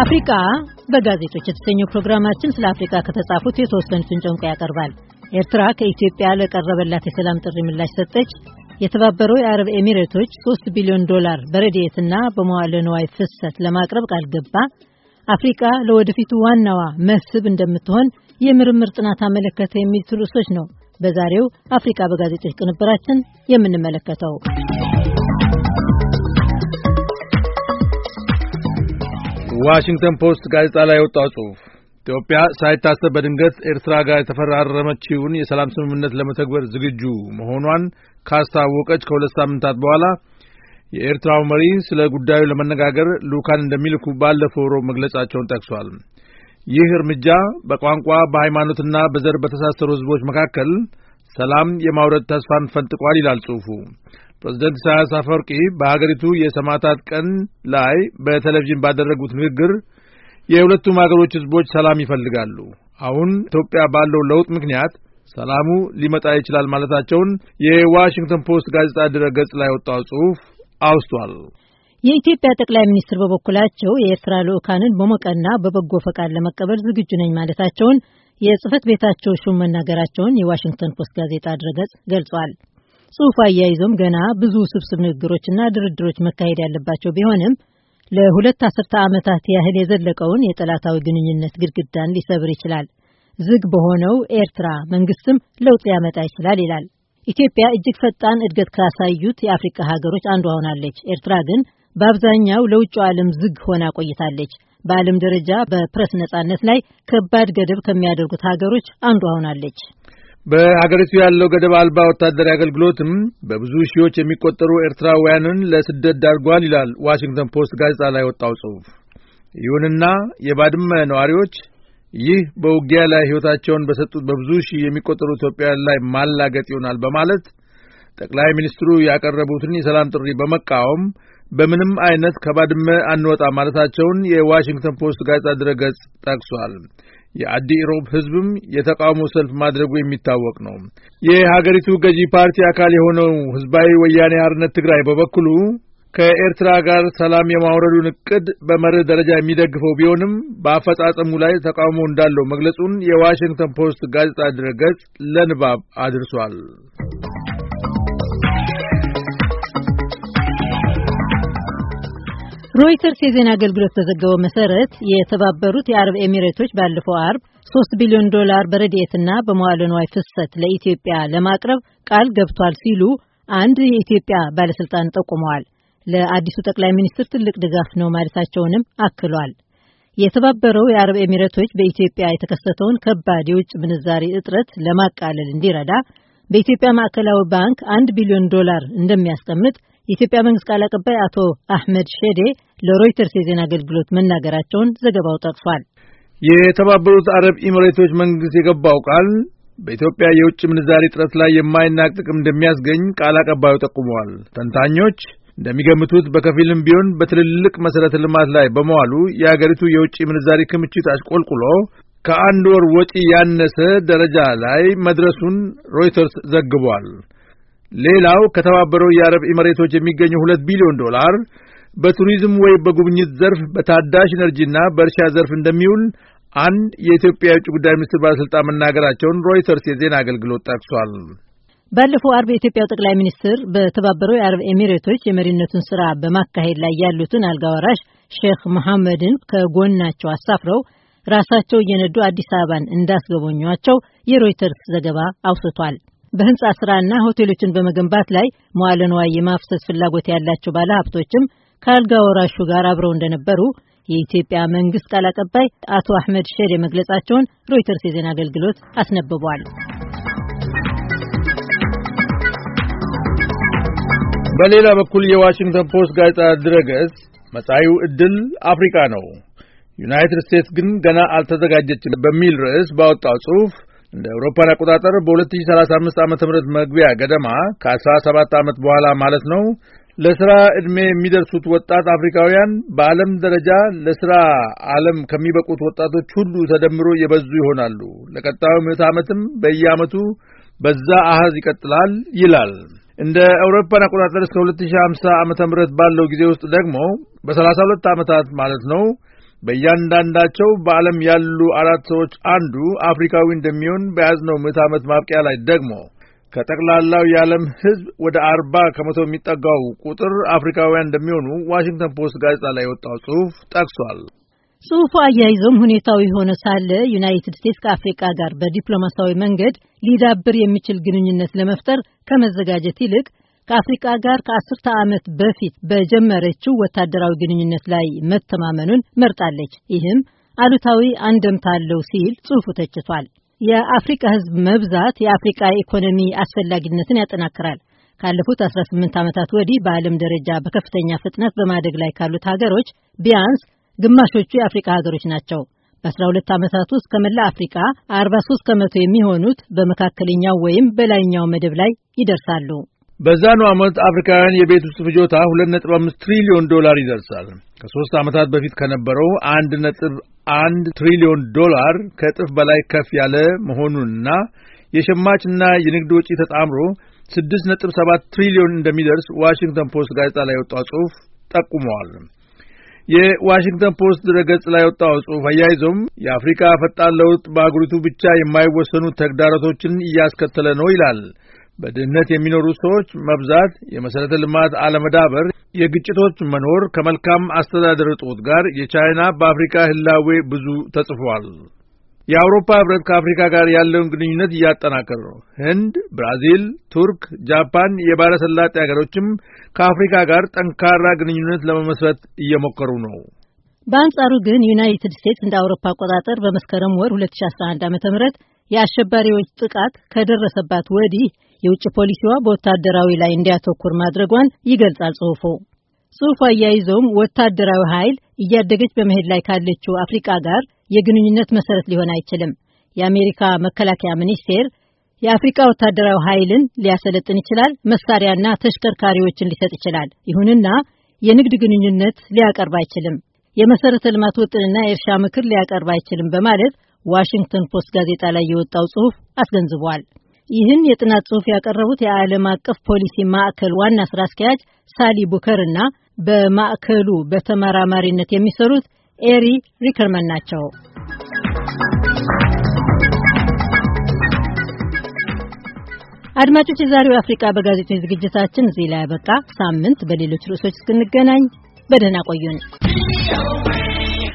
አፍሪካ በጋዜጦች የተሰኘው ፕሮግራማችን ስለ አፍሪካ ከተጻፉት የተወሰኑትን ጨምቆ ያቀርባል። ኤርትራ ከኢትዮጵያ ለቀረበላት የሰላም ጥሪ ምላሽ ሰጠች፣ የተባበረው የአረብ ኤሚሬቶች 3 ቢሊዮን ዶላር በረድኤትና በመዋለ ንዋይ ፍሰት ለማቅረብ ቃል ገባ፣ አፍሪካ ለወደፊቱ ዋናዋ መስህብ እንደምትሆን የምርምር ጥናት አመለከተ የሚሉት ርዕሶች ነው በዛሬው አፍሪካ በጋዜጦች ቅንብራችን የምንመለከተው። ዋሽንግተን ፖስት ጋዜጣ ላይ የወጣው ጽሑፍ ኢትዮጵያ ሳይታሰብ በድንገት ኤርትራ ጋር የተፈራረመችውን የሰላም ስምምነት ለመተግበር ዝግጁ መሆኗን ካስታወቀች ከሁለት ሳምንታት በኋላ የኤርትራው መሪ ስለ ጉዳዩ ለመነጋገር ሉካን እንደሚልኩ ባለፈው ሮብ መግለጻቸውን ጠቅሷል። ይህ እርምጃ በቋንቋ በሃይማኖትና በዘር በተሳሰሩ ህዝቦች መካከል ሰላም የማውረድ ተስፋን ፈንጥቋል ይላል ጽሁፉ። ፕሬዝደንት ኢሳያስ አፈወርቂ በሀገሪቱ የሰማዕታት ቀን ላይ በቴሌቪዥን ባደረጉት ንግግር የሁለቱም አገሮች ህዝቦች ሰላም ይፈልጋሉ፣ አሁን ኢትዮጵያ ባለው ለውጥ ምክንያት ሰላሙ ሊመጣ ይችላል ማለታቸውን የዋሽንግተን ፖስት ጋዜጣ ድረገጽ ላይ ወጣው ጽሑፍ አውስቷል። የኢትዮጵያ ጠቅላይ ሚኒስትር በበኩላቸው የኤርትራ ልዑካንን በሞቀና በበጎ ፈቃድ ለመቀበል ዝግጁ ነኝ ማለታቸውን የጽህፈት ቤታቸው ሹም መናገራቸውን የዋሽንግተን ፖስት ጋዜጣ ድረገጽ ገልጿል። ጽሑፉ አያይዞም ገና ብዙ ስብስብ ንግግሮችና ድርድሮች መካሄድ ያለባቸው ቢሆንም ለሁለት አስርተ ዓመታት ያህል የዘለቀውን የጠላታዊ ግንኙነት ግድግዳን ሊሰብር ይችላል፣ ዝግ በሆነው ኤርትራ መንግስትም ለውጥ ሊያመጣ ይችላል ይላል። ኢትዮጵያ እጅግ ፈጣን እድገት ካሳዩት የአፍሪካ ሀገሮች አንዷ ሆናለች። ኤርትራ ግን በአብዛኛው ለውጭ ዓለም ዝግ ሆና ቆይታለች። በዓለም ደረጃ በፕረስ ነጻነት ላይ ከባድ ገደብ ከሚያደርጉት ሀገሮች አንዷ ሆናለች። በሀገሪቱ ያለው ገደብ አልባ ወታደራዊ አገልግሎትም በብዙ ሺዎች የሚቆጠሩ ኤርትራውያንን ለስደት ዳርጓል ይላል ዋሽንግተን ፖስት ጋዜጣ ላይ ወጣው ጽሑፍ። ይሁንና የባድመ ነዋሪዎች ይህ በውጊያ ላይ ሕይወታቸውን በሰጡት በብዙ ሺህ የሚቆጠሩ ኢትዮጵያውያን ላይ ማላገጥ ይሆናል በማለት ጠቅላይ ሚኒስትሩ ያቀረቡትን የሰላም ጥሪ በመቃወም በምንም አይነት ከባድመ አንወጣ ማለታቸውን የዋሽንግተን ፖስት ጋዜጣ ድረገጽ ጠቅሷል። የአዲ ኢሮብ ህዝብም የተቃውሞ ሰልፍ ማድረጉ የሚታወቅ ነው። የሀገሪቱ ገዢ ፓርቲ አካል የሆነው ህዝባዊ ወያኔ አርነት ትግራይ በበኩሉ ከኤርትራ ጋር ሰላም የማውረዱን እቅድ በመርህ ደረጃ የሚደግፈው ቢሆንም በአፈጻጸሙ ላይ ተቃውሞ እንዳለው መግለጹን የዋሽንግተን ፖስት ጋዜጣ ድረገጽ ለንባብ አድርሷል። ሮይተርስ የዜና አገልግሎት በዘገበው መሰረት የተባበሩት የአረብ ኤሚሬቶች ባለፈው አርብ ሶስት ቢሊዮን ዶላር በረድኤትና በመዋለ ንዋይ ፍሰት ለኢትዮጵያ ለማቅረብ ቃል ገብቷል ሲሉ አንድ የኢትዮጵያ ባለስልጣን ጠቁመዋል። ለአዲሱ ጠቅላይ ሚኒስትር ትልቅ ድጋፍ ነው ማለታቸውንም አክሏል። የተባበረው የአረብ ኤሚሬቶች በኢትዮጵያ የተከሰተውን ከባድ የውጭ ምንዛሪ እጥረት ለማቃለል እንዲረዳ በኢትዮጵያ ማዕከላዊ ባንክ አንድ ቢሊዮን ዶላር እንደሚያስቀምጥ የኢትዮጵያ መንግስት ቃል አቀባይ አቶ አህመድ ሼዴ ለሮይተርስ የዜና አገልግሎት መናገራቸውን ዘገባው ጠቅሷል። የተባበሩት አረብ ኢሚሬቶች መንግስት የገባው ቃል በኢትዮጵያ የውጭ ምንዛሪ ጥረት ላይ የማይናቅ ጥቅም እንደሚያስገኝ ቃል አቀባዩ ጠቁመዋል። ተንታኞች እንደሚገምቱት በከፊልም ቢሆን በትልልቅ መሠረተ ልማት ላይ በመዋሉ የአገሪቱ የውጭ ምንዛሪ ክምችት አሽቆልቁሎ ከአንድ ወር ወጪ ያነሰ ደረጃ ላይ መድረሱን ሮይተርስ ዘግቧል። ሌላው ከተባበረው የአረብ ኤምሬቶች የሚገኙ ሁለት ቢሊዮን ዶላር በቱሪዝም ወይም በጉብኝት ዘርፍ በታዳሽ ኤነርጂና በእርሻ ዘርፍ እንደሚውል አንድ የኢትዮጵያ የውጭ ጉዳይ ሚኒስትር ባለስልጣን መናገራቸውን ሮይተርስ የዜና አገልግሎት ጠቅሷል። ባለፈው አርብ የኢትዮጵያው ጠቅላይ ሚኒስትር በተባበረው የአረብ ኤሚሬቶች የመሪነቱን ስራ በማካሄድ ላይ ያሉትን አልጋ ወራሽ ሼክ መሐመድን ከጎናቸው አሳፍረው ራሳቸው እየነዱ አዲስ አበባን እንዳስገቦኟቸው የሮይተርስ ዘገባ አውስቷል። በህንፃ ስራና ሆቴሎችን በመገንባት ላይ መዋለ ንዋይ የማፍሰስ ፍላጎት ያላቸው ባለሀብቶችም ከአልጋ ወራሹ ጋር አብረው እንደነበሩ የኢትዮጵያ መንግስት ቃል አቀባይ አቶ አህመድ ሼር መግለጻቸውን ሮይተርስ የዜና አገልግሎት አስነብቧል። በሌላ በኩል የዋሽንግተን ፖስት ጋዜጣ ድረገጽ መጻዩ ዕድል አፍሪካ ነው፣ ዩናይትድ ስቴትስ ግን ገና አልተዘጋጀችም በሚል ርዕስ ባወጣው ጽሑፍ እንደ አውሮፓን አቆጣጠር በ2035 ዓ ም መግቢያ ገደማ ከ17 ዓመት በኋላ ማለት ነው ለስራ ዕድሜ የሚደርሱት ወጣት አፍሪካውያን በዓለም ደረጃ ለስራ ዓለም ከሚበቁት ወጣቶች ሁሉ ተደምሮ የበዙ ይሆናሉ። ለቀጣዩ ምዕተ ዓመትም በየዓመቱ በዛ አሃዝ ይቀጥላል ይላል። እንደ አውሮፓን አቆጣጠር እስከ 2050 ዓ ም ባለው ጊዜ ውስጥ ደግሞ በ32 ዓመታት ማለት ነው በእያንዳንዳቸው በዓለም ያሉ አራት ሰዎች አንዱ አፍሪካዊ እንደሚሆን በያዝነው ምት ዓመት ማብቂያ ላይ ደግሞ ከጠቅላላው የዓለም ሕዝብ ወደ አርባ ከመቶ የሚጠጋው ቁጥር አፍሪካውያን እንደሚሆኑ ዋሽንግተን ፖስት ጋዜጣ ላይ የወጣው ጽሑፍ ጠቅሷል። ጽሑፉ አያይዞም ሁኔታው የሆነ ሳለ ዩናይትድ ስቴትስ ከአፍሪቃ ጋር በዲፕሎማሲያዊ መንገድ ሊዳብር የሚችል ግንኙነት ለመፍጠር ከመዘጋጀት ይልቅ ከአፍሪቃ ጋር ከአስርተ ዓመት በፊት በጀመረችው ወታደራዊ ግንኙነት ላይ መተማመኑን መርጣለች። ይህም አሉታዊ አንደምታ አለው ሲል ጽሑፉ ተችቷል። የአፍሪቃ ሕዝብ መብዛት የአፍሪቃ ኢኮኖሚ አስፈላጊነትን ያጠናክራል። ካለፉት 18 ዓመታት ወዲህ በዓለም ደረጃ በከፍተኛ ፍጥነት በማደግ ላይ ካሉት ሀገሮች ቢያንስ ግማሾቹ የአፍሪቃ ሀገሮች ናቸው። በ12 ዓመታት ውስጥ ከመላ አፍሪቃ 43 ከመቶ የሚሆኑት በመካከለኛው ወይም በላይኛው መደብ ላይ ይደርሳሉ። በዛኑ ዓመት አፍሪካውያን የቤት ውስጥ ፍጆታ 2.5 ትሪሊዮን ዶላር ይደርሳል። ከሶስት ዓመታት በፊት ከነበረው 1.1 ትሪሊዮን ዶላር ከእጥፍ በላይ ከፍ ያለ መሆኑንና የሸማችና የንግድ ወጪ ተጣምሮ 6.7 ትሪሊዮን እንደሚደርስ ዋሽንግተን ፖስት ጋዜጣ ላይ የወጣው ጽሑፍ ጠቁመዋል። የዋሽንግተን ፖስት ድረገጽ ላይ ወጣው ጽሑፍ አያይዞም የአፍሪካ ፈጣን ለውጥ በአገሪቱ ብቻ የማይወሰኑ ተግዳሮቶችን እያስከተለ ነው ይላል። በድህነት የሚኖሩ ሰዎች መብዛት፣ የመሠረተ ልማት አለመዳበር፣ የግጭቶች መኖር ከመልካም አስተዳደር እጦት ጋር የቻይና በአፍሪካ ህላዌ ብዙ ተጽፏል። የአውሮፓ ህብረት ከአፍሪካ ጋር ያለውን ግንኙነት እያጠናከረ ነው። ህንድ፣ ብራዚል፣ ቱርክ፣ ጃፓን የባለሰላጤ ሀገሮችም ከአፍሪካ ጋር ጠንካራ ግንኙነት ለመመስረት እየሞከሩ ነው። በአንጻሩ ግን ዩናይትድ ስቴትስ እንደ አውሮፓ አቆጣጠር በመስከረም ወር 2011 ዓ.ም የአሸባሪዎች ጥቃት ከደረሰባት ወዲህ የውጭ ፖሊሲዋ በወታደራዊ ላይ እንዲያተኩር ማድረጓን ይገልጻል ጽሁፉ ጽሁፉ አያይዘውም ወታደራዊ ኃይል እያደገች በመሄድ ላይ ካለችው አፍሪቃ ጋር የግንኙነት መሰረት ሊሆን አይችልም። የአሜሪካ መከላከያ ሚኒስቴር የአፍሪቃ ወታደራዊ ኃይልን ሊያሰለጥን ይችላል፣ መሳሪያና ተሽከርካሪዎችን ሊሰጥ ይችላል። ይሁንና የንግድ ግንኙነት ሊያቀርብ አይችልም፣ የመሰረተ ልማት ውጥንና የእርሻ ምክር ሊያቀርብ አይችልም በማለት ዋሽንግተን ፖስት ጋዜጣ ላይ የወጣው ጽሁፍ አስገንዝቧል። ይህን የጥናት ጽሑፍ ያቀረቡት የዓለም አቀፍ ፖሊሲ ማዕከል ዋና ስራ አስኪያጅ ሳሊ ቡከር እና በማዕከሉ በተመራማሪነት የሚሰሩት ኤሪ ሪከርመን ናቸው። አድማጮች፣ የዛሬው አፍሪቃ በጋዜጦች ዝግጅታችን እዚህ ላይ ያበቃ። ሳምንት በሌሎች ርዕሶች እስክንገናኝ በደህና ቆዩን።